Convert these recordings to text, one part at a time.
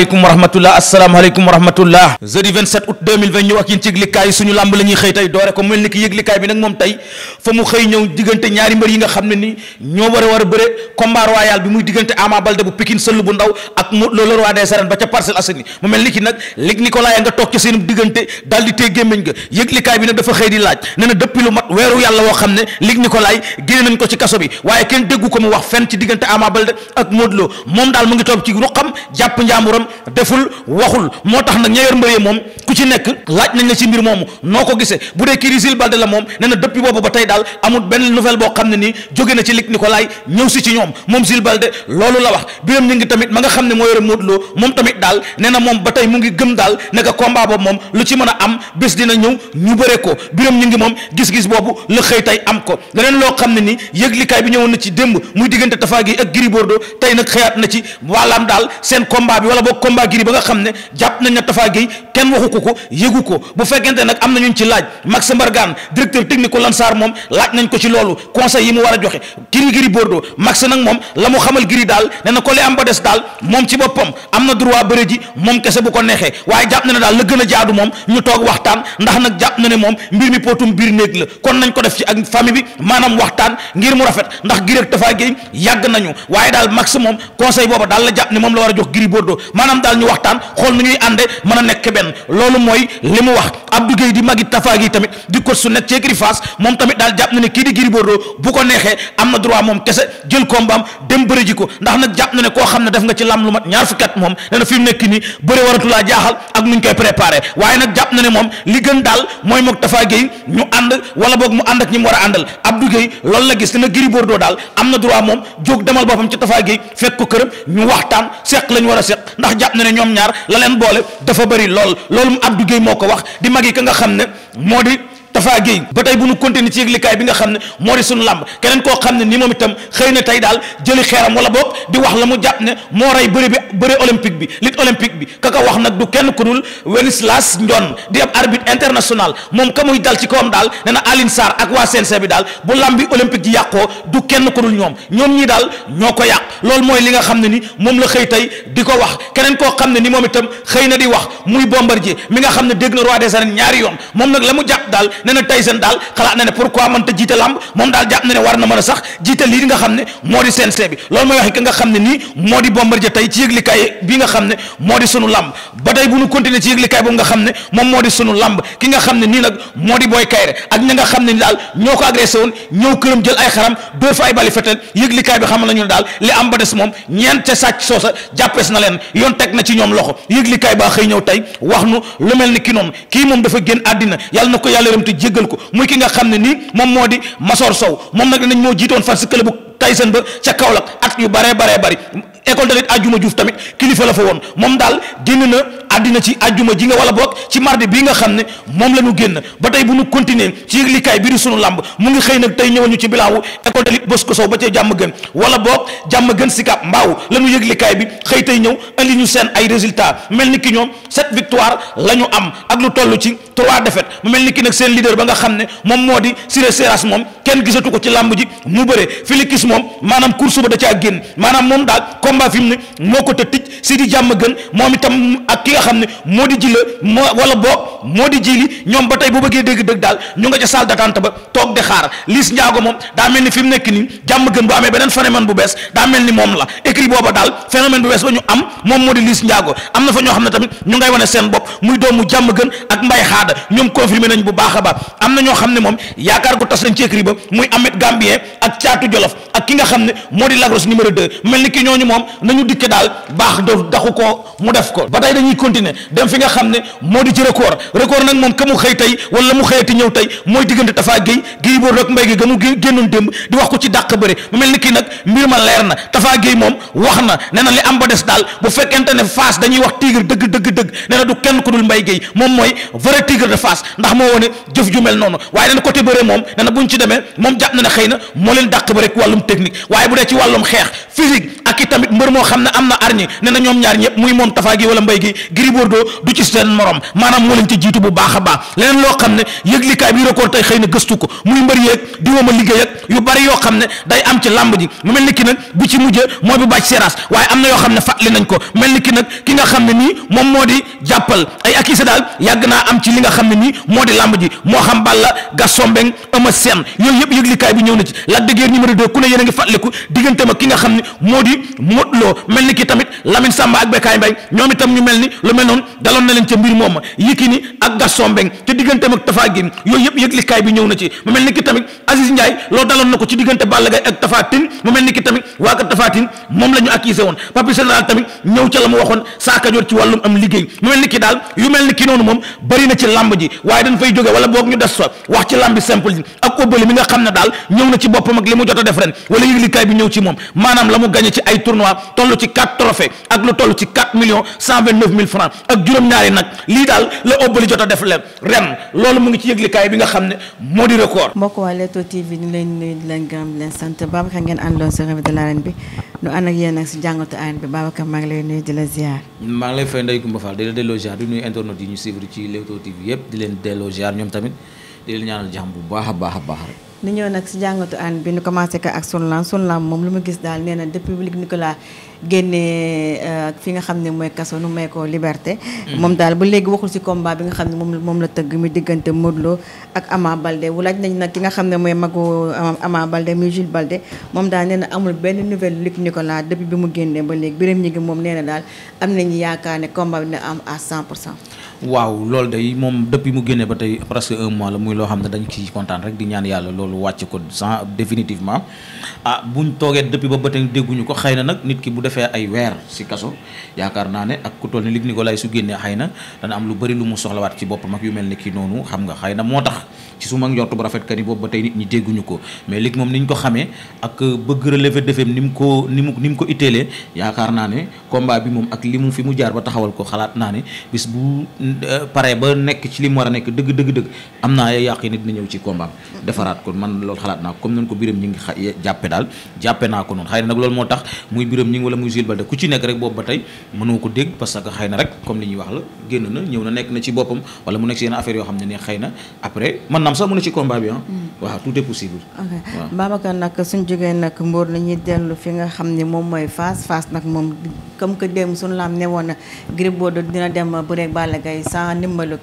asalaamaaleykum wa rahmatullah asalaamaaleykum wa rahmatullah jeudi 27 août ñëw ak yéen ci yëglikaay suñu làmb la xëy tey doore ko mel ni ki yëglikaay bi nag moom tey fa mu xëy ñëw diggante ñaari mbër yi nga xam ne ni ñoo war a war a bëre combat royal bi muy diggante Ama Baldé bu Pikine sëll bu ndaw ak mu loolu roi des ba ca Parcelles Assainies mu mel ni nag Luc Nicolaï nga toog ca seen diggante daal di téye gémmiñ nga yëglikaay bi nag dafa xëy di deful waxul moo tax nag ña yor mbër moom ku ci nekk laaj nañ la ci mbir moomu noo ko gisee bu dee kii Rizil la moom nee na boobu ba tey daal amul benn nouvelle boo xam ne nii jóge na ci Luc Nicolaï ñëw si ci ñoom moom Zil Balde loolu la wax biram ñu ngi tamit moo yore Modou Lo moom tamit daal nee na moom ba tey mu ngi gëm daal ne ko combat boobu moom lu ci mën a am bés dina ñëw ñu bëre ko biram ñu ngi moom gis-gis boobu la xëy tey am ko leneen loo xam ne nii yëglikaay bi ñëwoon na ci démb muy diggante Tapha Gueye ak Gris Bordeaux tey nag xëyaat na ci wàllaam daal seen combat bi wala boo combat Gris ba nga xam ne jàpp nañ na Tapha Gueye kenn waxu ko ko yëgu ko bu fekkente nag am na ñu ci laaj Max Mbargane directeur technique ko Lansar moom laaj nañ ko ci loolu conseil yi mu war a joxe Gris Gris Bordeaux Max nag moom la mu xamal Gris daal ne na ko li am ba des daal moom ci boppam am na droit bëre ji moom kese bu ko neexee waaye jàpp na daal la gën a jaadu moom ñu toog waxtaan ndax nag jàpp na ne moom mbir mi pootum biir néeg la kon nañ ko def ci ak famille bi maanaam waxtaan ngir mu rafet ndax Gris ak Tapha Gueye yàgg nañu waaye daal Max moom conseil booba daal la moom la war a jox Gris Bordeaux maanaam daal ñu waxtaan xool nu ñuy ànde mën a nekk benn loolu mooy li mu wax Abdou Gueye di magi Tafa gi tamit di ko su nekk ci Gris moom tamit daal jàpp na ne kii di Gris ko neexee na droit moom kese jël kombaam dem bëri ji ko ndax nag jàpp na ne koo xam ne def nga ci lam lu mat ñaar fukki moom nee na fi mu nekk nii bëri waratulaa jaaxal ak nuñ koy préparé waaye nag jàpp na ne moom li gën daal mooy moog Tafa Gueye ñu ànd wala boog mu ànd ak ñi mu war a àndal Abdou Gueye la gis dina Gris Bordeaux daal am na droit moom jóg demal boppam ci Tafa ndax jàpp na ne ñoom ñaar la leen boole dafa bëri lool loolu Abdou Guèye moo ko wax di mag yi ka nga xam ne moo di Tafa Gueye ba tey bu nu continuer ci yëglikaay bi nga xam ne moo di suñu làmb keneen koo xam ne ni moom itam xëy na tey daal jëli xeeram wala boog di wax la mu ne moo rey bëri bi bëri olympique bi lit olympique bi kaka wax nag du kenn ku dul Wenceslas Ndione di international moom ka muy dal ci kawam daal nee na Aline ak waa bi daal bu làmbi olympique ji yàqoo du kenn ku ñoom ñoom ñii daal ñoo ko yàq loolu mooy li nga xam ne ni moom la xëy tey di ko wax keneen koo xam ne ni moom itam xëy na di wax muy Bombardier mi nga xam ne dégg na roi des arènes ñaari yoon moom nag la mu jàpp daal ne na Tyson daal xalaat na ne pourquoi mënta jiite làmb moom daal jàpp na ne war na mën a sax jiite lii nga xam ne moo di CNG bi loolu mooy waxi ki nga xam ne nii moo di Bombardier tey ci yëglikaay bi nga xam ne moom moo di sunu làmb ki nga xam ne nii nag moo di Boy Kayre ak ña nga xam ne ni daal ñoo ko agressé woon ñëw këram jël ay xaram dóor fa ay bali fetel yëglikaay bi xam nañu ne daal li am ba des moom ñeent ca sàcc soosa jàppees na leen yoon teg na ci ñoom loxo yëglikaay baa xëy ñëw tey wax nu lu mel ni ki noonu kii moom yëkkati jéggal ko muy ki nga xam ne nii moom moo di Masor Sow moom nag dinañ moo jiitoon fan si club bu ba ca Kaolack at yu baree baree bëri école de lutte Ajuma Diouf tamit kilifa la fa woon moom daal génn na àddina ci àjjuma ji nga wala boog ci mardi bi nga xam ne moom la génn ba tey bu ñu continuer ci yëglikaay biir sunu làmb mu ngi xëy nag tey ñëwal ñu ci bilaawu école de lutte Bosco Sow ba ca jàmm gën wala boog jàmm gën Sicap Mbao la ñu yëglikaay bi xëy tey ñëw indi ñu seen ay résultat mel ni ki ñoom sept victoire la am ak lu toll ci trois défaites mu mel ni ki nag seen leader ba nga xam ne moom moo di Siré Seras moom kenn gisatu ko ci làmb ji xam ne moo di jila moo wala boog moo di jili ñoom ba tey bu bëggee dégg dëgg daal ñu nga ca salle d'attente ba toog di xaar Liss Ndiago moom daa mel ni fi mu nekk nii jàmm gën bu amee beneen phénomène bu bees daa mel ni moom la écrit booba daal phénomène bu bees ba ñu am moom moo di Liss Ndiago am na fa ñoo xam ne tamit ñu ngay wane seen bopp muy doomu jàmm gën ak mbay xaada ñoom confirmé nañ bu baax a baax am na ñoo xam ne moom yaakaar gu tas nañ ci écrit ba muy Ahmed Gambien ki nga xam ne moo di Lagros numéro 2 mel ni ki ñooñu moom nañu dikke daal baax do daxu ko mu def ko continuer dem fi nga xam ne moo di ci record record nag moom ka xëy tey wala mu xëyati ñëw tey mooy diggante Tafa Gueye Guèye Bordeaux ak Mbaye Guèye ga mu génnoon démb di wax ko ci dàq bëre mu mel ni kii nag mbir ma leer na Tafa Gueye moom wax na nee li am ba des daal bu fekkente ne Fass dañuy wax tigre dëgg dëgg dëgg du kenn ku dul Mbaye Guèye moom mooy vrai tigre de Fass ndax moo wone jëf ju mel noonu waaye nee na bëre moom nee bu ñu ci demee Gris Bordeaux du ci seen morom maanaam moo leen ci jiitu bu baax a baax leneen loo xam ne yëglikaay bi record tey xëy na gëstu ko muy mbër yeeg di wama liggéey ak yu bari yoo xam ne day am ci làmb ji mu mel ni na yoo xam ne fàttali xam ne nii moom moo di jàppal ay akisa daal yàgg naa am ci li nga xam ne nii moo di làmb ji moo xam Balla Gaston Mbengue Eumeu Sène yooyu yëpp yëglikaay bi ñëw na ci Lac de Guiers numéro 2 ku ne yéen a ngi fàttaliku diggante ma ki nga xam ne moo di Modou Lo mel ni ki tamit Lamine Samba lu mel noonu daloon na leen ca mbir moom ma Yékini ak Gaston Mbengue te digganteem ak Tapha Guèye yooyu yëpp yëglikaay bi ñëw na ci mu mel ni ki tamit Aziz Ndiaye loolu daloon na ko ci diggante Balla Gaye ak Tapha Tine mu mel ni ki tamit waa ka Tapha Tine moom la ñu accusé woon papi général tamit ñëw ca la mu waxoon saakajoor ci wàllum am liggéey mu mel ni ki daal yu mel ni ki noonu moom bëri ci làmb ji waaye dañ fay jóge wala boog ñu des fa wax francs ak juróom-ñaari nag lii daal la Obali jot a def leen ren loolu mu ngi ci yëglikaay bi nga xam ne moo di record. mbokk waa Leewtoo TV ñu leen nuyu di leen gërëm di leen sant Babacar ngeen àndaloon si revue de l'arène bi nu ànd ak nag si jàngatu arène bi Babacar maa ngi lay nuyu di la ziar. maa ngi lay fay Ndeye Coumba Fall di la delloo ziar di nuyu internautes yi ñu suivre ci Leewtoo TV yëpp di leen delloo ziar ñoom tamit di leen ñaanal jàmm bu baax a baax a baax ni ñëw nag si jàngatu aan bi ñu commencé ko ak sunu laam sunu laam moom lu mu gis daal nee na depuis Luc Nicolaï génnee euh, fi nga xam ne mooy kaso nu may ko liberté. Mm-hmm. moom daal ba léegi waxul si combat bi nga xam ne moom moom la tëgg mu diggante Modou Lo ak Ama Balde wulaaj nañ nag ki nga xam ne mooy magu Ama Balde muy Jules Balde moom daal nee na amul benn nouvelle Luc Nicolaï depuis bi mu génnee ba léegi biram ñi gi moom nee daal am nañu yaakaar ne combat bi dina am à 100 pour cent. waaw loolu day moom depuis mu génne ba tey presque un mois la muy loo xam ne dañ ciy kontaan rek di ñaan yàlla loolu wàcc ko sans définitivement ah bu ñu toogee depuis ba ba dégguñu ko xëy na nag nit ki bu defee ay weer si kaso yaakaar naa ne ak ku toll ni ko Nicolaï su génnee xëy na dana am lu bëri lu mu soxlawaat ci boppam ak yu mel ne kii noonu xam nga xëy na moo tax ci suma mag bu rafet boobu ba tey nit ñi dégguñu ko mais lig moom ni ñu ko xame ak bëgg relevé defeem ni mu ko ni mu ni mu ko itteelee yaakaar naa ne combat bi moom ak li mu fi mu jaar ba taxawal ko xalaat naa ne bis bu euh, pare ba nekk ci li mu war a nekk dëgg am naa yàqi nit dina ñëw ci combat ko man loolu xalaat naa ko comme ko biram ñi ngi jàppe daal jàppe naa ko moo tax muy biram ñi ngi wala muy Jules Baldé nekk rek boobu ba tey ko dégg que xëy na rek comme li ñuy wax la génn na ñëw na nekk na ci boppam wala mu nekk ci yenn affaire yoo xam ne ne xëy na après naam sax mu ne ci combat bi ah. Mm. waaw nag suñ jógee nag Mbour la dellu fi nga xam ni moom mooy Fass Fass nag moom comme que démb suñu laam ne woon na Gris Bordeaux ki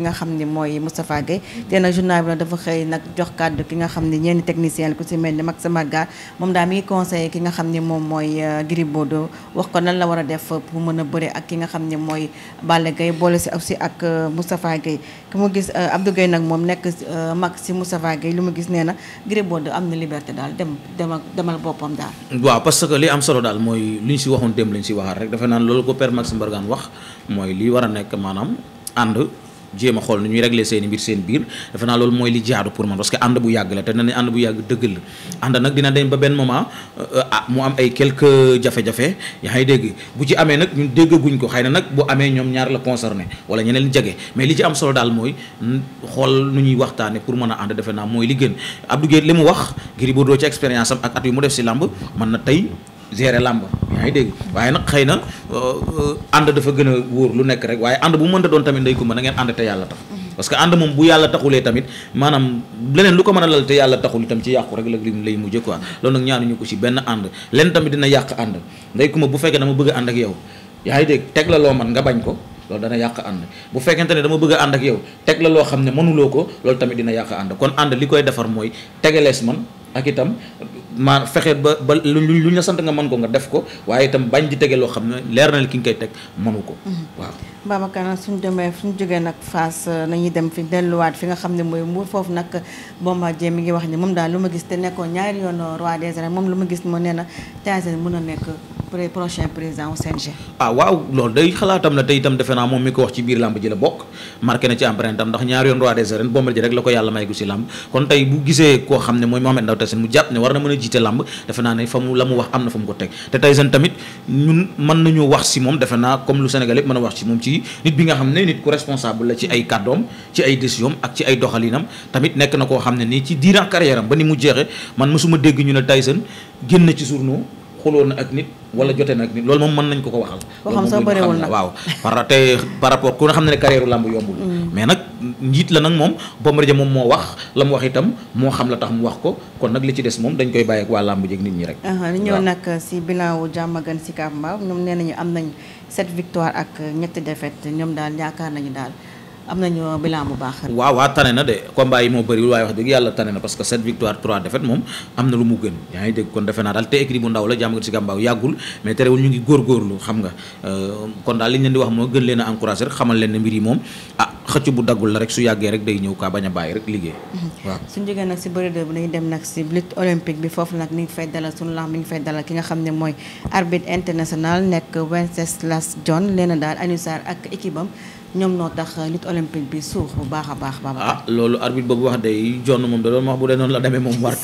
nga xam ni mooy Moustapha Gueye te nag journal bi nag dafa xëy nag jox kàddu ki nga xam ni ñeenti technicien ku si mel ni Max Magar moom daal mi ngi conseillé ki nga xam ni moom mooy euh, Gris Bordeaux wax ko nan la war a def pour mën a bëre ak ki nga xam ni mooy Balla Gaye boole si aussi ak euh, Moustapha Gueye ki mu gis euh, Abdou Gueye nag moom nekk ak si Moustapha Gueye li ma gis nee na Gris Bordeaux am na liberté daal dem demal demal boppam daal. waaw parce que li am solo daal mooy li ñu si waxoon dem la ñu si waxaat rek dafa naan loolu ko père Maxime Bergane wax mooy li war a nekk maanaam ànd. jéem a xool nu ñuy régler seen i mbir seen biir defe naa loolu mooy li jaadu pour man parce que ànd bu yàgg la te nee nañ ànd bu yàgg dëgg la ànd nag dina dem ba benn moment euh, ah mu am ay quelques jafe-jafe yaa dégg bu ci amee nag ñun déggaguñ ko xëy na nag bu amee ñoom ñaar la concerné wala ñeneen jege mais li ci am solo daal mooy xool nu ñuy waxtaane pour mën a ànd defe naa mooy li gën Abdou Guèye li mu wax Gris Bordeaux ci expérience am ak at yu mu def si làmb man na tey gérer làmb yaa ngi dégg waaye nag xëy na euh, ànd dafa gën a wóor lu nekk rek waaye ànd bu mënta doon tamit ndey ko mën na ngeen ànd te yàlla tax mhm. parce que ànd moom bu yàlla taxulee tamit maanaam leneen lu ko mën a lal te yàlla taxul itam ci yàqu rek la lay mujj quoi loolu nag ñaanuñu ko ci benn ànd leen tamit dina yàq ànd ndey ku ma bu fekkee dama bëgg a ànd ak yow yaa ngi dégg teg la loo man nga bañ ko loolu dana yàq ànd bu fekkente ne dama bëgg a ànd ak yow teg la loo xam ne mënuloo ko loolu tamit dina yàq ànd kon ànd li koy defar mooy tegelees man ak itam maa fexe ba ba lu lu la sant nga mën ko nga def ko waaye itam bañ di tege loo xam ne leer na ki nga koy teg mënu ko. Mhm. waaw Babacar nag suñu demee suñu jógee nag Fass euh, nañuy dem fi delluwaat fi nga xam ne mooy Mbour foofu nag Bombardier mi ngi wax ni moom daal lu ma gis te nekkoon ñaari yoon roi des arènes moom lu ma gis moo nee na Tyson mën a nekk. prochain président CNG. ah waaw loolu day xalaatam la te itam defe naa moom mi ko wax ci biir làmb ji la bokk marqué na ci empreinte am ndax ñaari yoon roi des arènes bomber ji rek la ko yàlla may gu làmb kon ne mooy Mohamed Ndao Tyson mu jàpp ne a jiite làmb defe naa ne fa mu la mu wax am na fa mu ko teg te Tyson tamit ñun mën nañu wax si moom defe naa comme lu Sénégal yëpp mën a wax si moom ci nit bi nga xam ne nit ku responsable la ci ay kàddoom ci ay décision ak ci ay doxalinam tamit nekk na koo xam ne nii ci diiran carrière am mu jeexe man mësuma dégg ñu ne Tyson génn ci journaux xuloo na ak nit wala jote na ak nit loolu moom mën nañ ko ko waxal. waxam sax bëriwul nag waaw. par tey par rapport ku nga xam ne carrière làmb yombul. Mm. mais nag njiit la nag moom Bombardier moom moo wax la mu wax itam moo xam la tax mu wax ko kon nag li ci des moom dañ koy bàyyi ak waa làmb jeeg nit ñi rek. waaw li ñëw nag si bilan wu Diamaguène Sicap Mbao ñoom nee nañu am nañ sept victoire ak ñetti défaite ñoom daal yaakaar nañu daal. am nañu bilan bu baax. waaw waaw tane na de combat yi moo bëriwul waaye wax dëgg yàlla tane na parce que victoire 3 défaite moom am na lu mu gën yaa ngi dégg kon defe naa daal te écrit bu ndaw la jàmm nga si gàmbaaw yàggul mais terewul ñu ngi góorgóorlu xam nga euh, kon daal leen di wax moo gën leen a encouragé xamal leen ne mbir yi moom ah xëcc bu daggul la rek su yàggee rek day ñëw kaa bañ bàyyi rek liggéey. Mhm. waaw suñu nag si bëri de bu nañu dem nag si olympique bi foofu nag ni fay dalal suñu lamb mi ngi fay ñoom noo tax lutte olympique bi suux baax a baax baax ah loolu arbitre boobu wax day jonn moom da doon wax bu dee noonu la demee moom war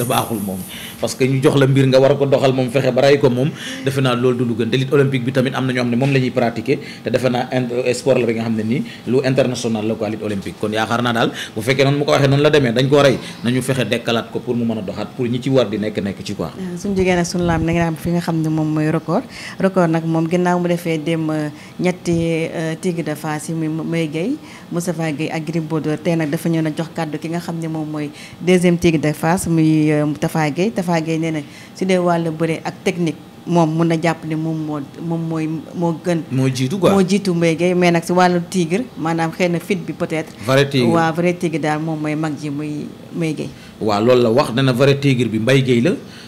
te defe naa sport la bi nga xam ne nii lu international la quoi olympique kon yaakaar naa daal bu fekkee noonu mu ko waxee noonu la demee dañ ko rey nañu fexe dekkalaat ko pour mu mën a doxaat pour ñi ci war di nekk nekk ci quoi ah, suñu jigéen ak suñu laam na nga am fi nga xam ne moom mooy Mbaye Guèye Moustapha Guèye ak Gris Bordeaux tey nag dafa ñëw na jox kàddu ki nga xam ne moom mooy deuxième tigre de face muy euh, Tafa Guèye Tafa Guèye nee na su dee wàll bëre ak technique moom mun a jàpp ne moom moo moom mooy moo gën. moo jiitu quoi moo jiitu Mbaye Guèye mais nag si wàllu tigre maanaam xëy na fit bi peut-être. vrai tigre waaw vrai daal moom mooy mag ji muy Mbaye Guèye. waaw loolu la wax dana vrai tigre bi mbay Guèye la.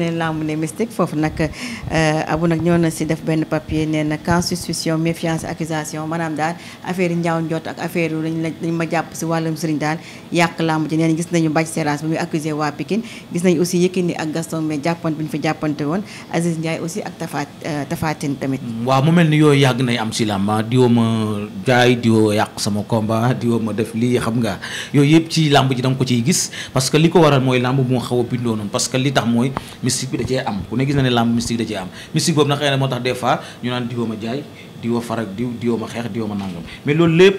ne làmb ne mystique foofu nag euh, abu nag ñoo na si def benn papier nee na quand suspicion méfiance accusation maanaam daal affaire yi njaaw njott ak affaire yu lañ lañ ma jàpp si wàllum sëriñ daal yàq làmb ji nee nañu Bathie Seras bi muy accusé waa Pikine gis nañu aussi Yékini ak Gaston mais jàppante bi ñu fa jàppante woon Aziz Ndiaye aussi ak Tafa Tapha euh, tamit mm, waaw mu mel ni yooyu yàgg nay am si làmb ah. diwoo ma jaay diwoo yàq sama combat diwoo ma def lii xam nga yooyu yëpp ci làmb ji danga ko ciy gis parce que li ko waral mooy làmb bu ma bindoo noonu parce que li tax mooy mystique bi da cee am ku ne gis na ne làmb mystique da cee am mystique boobu nag xëy moo tax des fois ñu naan diwoo ma jaay diwoo farak diw diwoo ma xeex diwoo ma nangam mais loolu euh,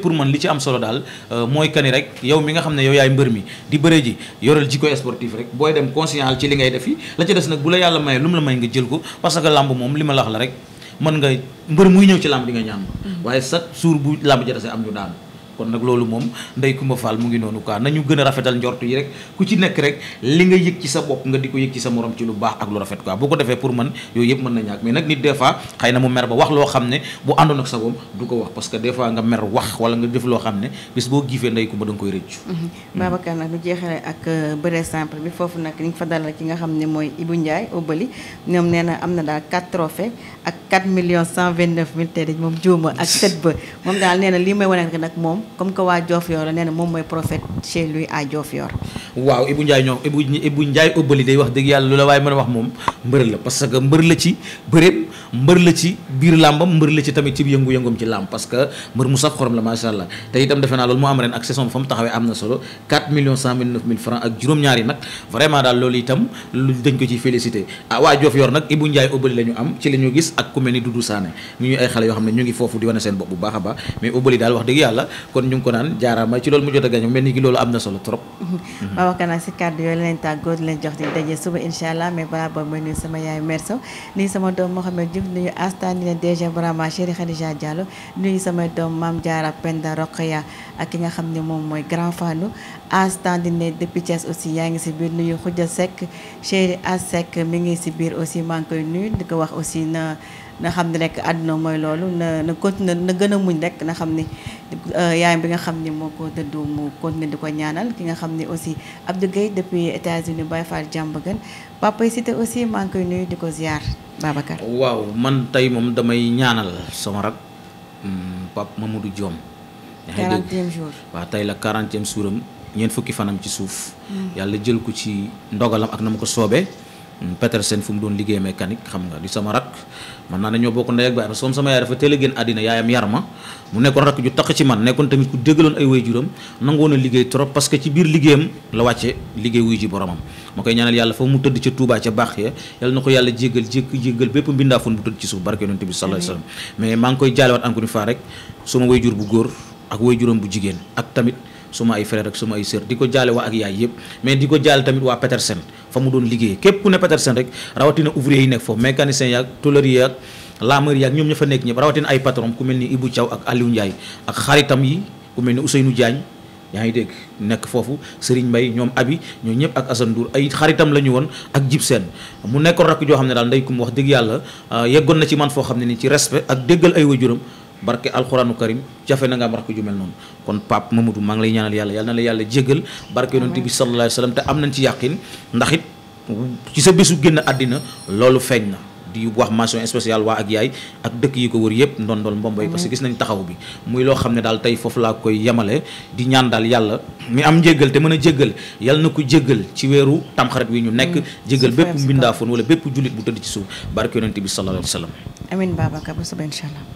la may nga jël ko parce que làmb moom li ma la la rek mën nga mbër muy ñëw ci làmb di nga ñaan mm. waaye sa suur bu làmb jotase am ñu daan kon nag loolu moom Ndeye Coumba mu ngi noonu quoi nañu gën a rafetal njort yi rek ku ci nekk rek li nga yëg ci sa bopp nga di ko yëg ci sa morom ci lu baax ak lu rafet quoi bu ko defee pour man yooyu yëpp mën na ñàkk mais ne bu ko wax parce que fois nga mer wax wala nga loo xam ne bis boo giifee Ndeye Coumba da koy rëccu mhm. Babacar nag ñu jeexale ak euh, bëre simple bi foofu nag ni nga fa dalal ki nga xam ne mooy Ibou Ndiaye Obali ñoom nee na am na daal 4 trophées ak 4 millions 129 mille tey moom juuma ak 7 ba moom daal na lii may wane nag moom comme que waa Diofior la nee na wax dëgg yàlla lu la waaye wax moom mbër la parce que mbër la ci bëreem mbër la ci na solo 4 millions 129 mille francs ak juróom-ñaar yi nag vraiment daal loolu itam lu dañ ko ciy félicité ah waa am ci la gis ak ku ni Doudou Sané ñuy ay xale yoo xam ne ñu ngi foofu di wane seen bopp bu baax a baax mais ëbbali daal wax dëgg yàlla kon ñu ngi ko naan jaaraama ci loolu mu jot a gañ si kàddu yooyu lañ tàggoo di leen jox di daje suba incha allah mais balaa boobu may nuyu sama doom Mohamed Diouf nuyu Asta ni leen DG Brahma Chéri sama doom Mame Diarra Penda Rokhaya ak ki nga xam ne moom mooy Grand Fallou Asta di ne depuis aussi yaa ngi si biir nuyu Khoudia Seck Chéri As Seck mi ngi si biir aussi maa ngi koy nuyu di ko wax aussi na. na xam ne rek àdduna mooy loolu na na continuer na gën a muñ rek na xam ni euh, yaayam bi nga xam ni moo ko dëddu mu continuer di ko ñaanal ki nga xam ni aussi Abdou Guèye depuis États-Unis Baye Fall Diambagan papa yi cité aussi maa ngi koy nuyu di ko ziar Babacar. waaw man tey moom damay ñaanal sama rak mm, Pape Mamadou Diom. 40e jour tey la 40e suuram ñeent fukki fanam ci suuf. Mm. yàlla jël ko ci ndogalam ak na ma ko soobee. Mm, Petersen fu mu doon liggéey mécanique xam nga di sama rak man naa ne ñoo bokk ndey ak baay sama yaay dafa teel a àddina yaayam yar ma mu nekkoon rak ju takk ci man nekkoon tamit ku déggaloon ay waajuram nangoon a liggéey trop parce que ci biir liggéeyam la wàcce liggéey wuy ji boromam ma koy ñaanal yàlla fa mu tëdd ca Touba ca baax ya yàlla na ko yàlla jéggal jékk jéggal bépp mbindaafoon bu tëdd ci suuf barke yonent bi sallallahu alayhi wasallam mais maa ngi koy jaalewaat encore une fois rek suma wayjur bu góor ak bu jigéen ak tamit suma ay frère ak suma ay sœur di ko jaale waa ak yaay yëpp mais di ko jaale tamit waa Petersen fa mu doon liggéey képp ku ne Petersen rek rawatina ouvrier yi nekk foofu mécanicien yaak tôlerie yaak lameur yaak ñoom ña fa nekk rawatina ay patron ku mel ni Ibou Thiaw ak Aliou Ndiaye yi ku mel ni Ousseynou Diagne yaa ngi dégg nekk foofu Serigne Mbaye ñoom Abi ñoo ñëpp ak Assane Ndour ay xaritam la ñu woon ak jib seen mu nekkoon rakk joo xam ne daal ndey kum wax dëgg yàlla ah, yeggoon na ci man foo xam ne ni ci respect ak déggal ay wajuram barke alxuraanu karim jafe na nga am rakk ju mel noonu kon Pape Mamadou maa ngi lay ñaanal yàlla yàlla na la yàlla jégal barke yonent bi sallallahu alayhi wa sallam te am loolu feeñ na di wax mention spéciale waa ak yaay ak dëkk yi ko wër yëpp ndondool mbomboy parce que gis nañ taxaw bi muy loo xam ne daal tey foofu laa koy yemale di ñaan daal yàlla mi am jéggal te mën a jéggal yàlla na ko jéggal ci weeru tamxarit wi ñu nekk mm. jéggal bépp mbindaafoon wala bépp jullit bu tëdd ci suuf barke yonent bi sallallahu alayhi wa sallam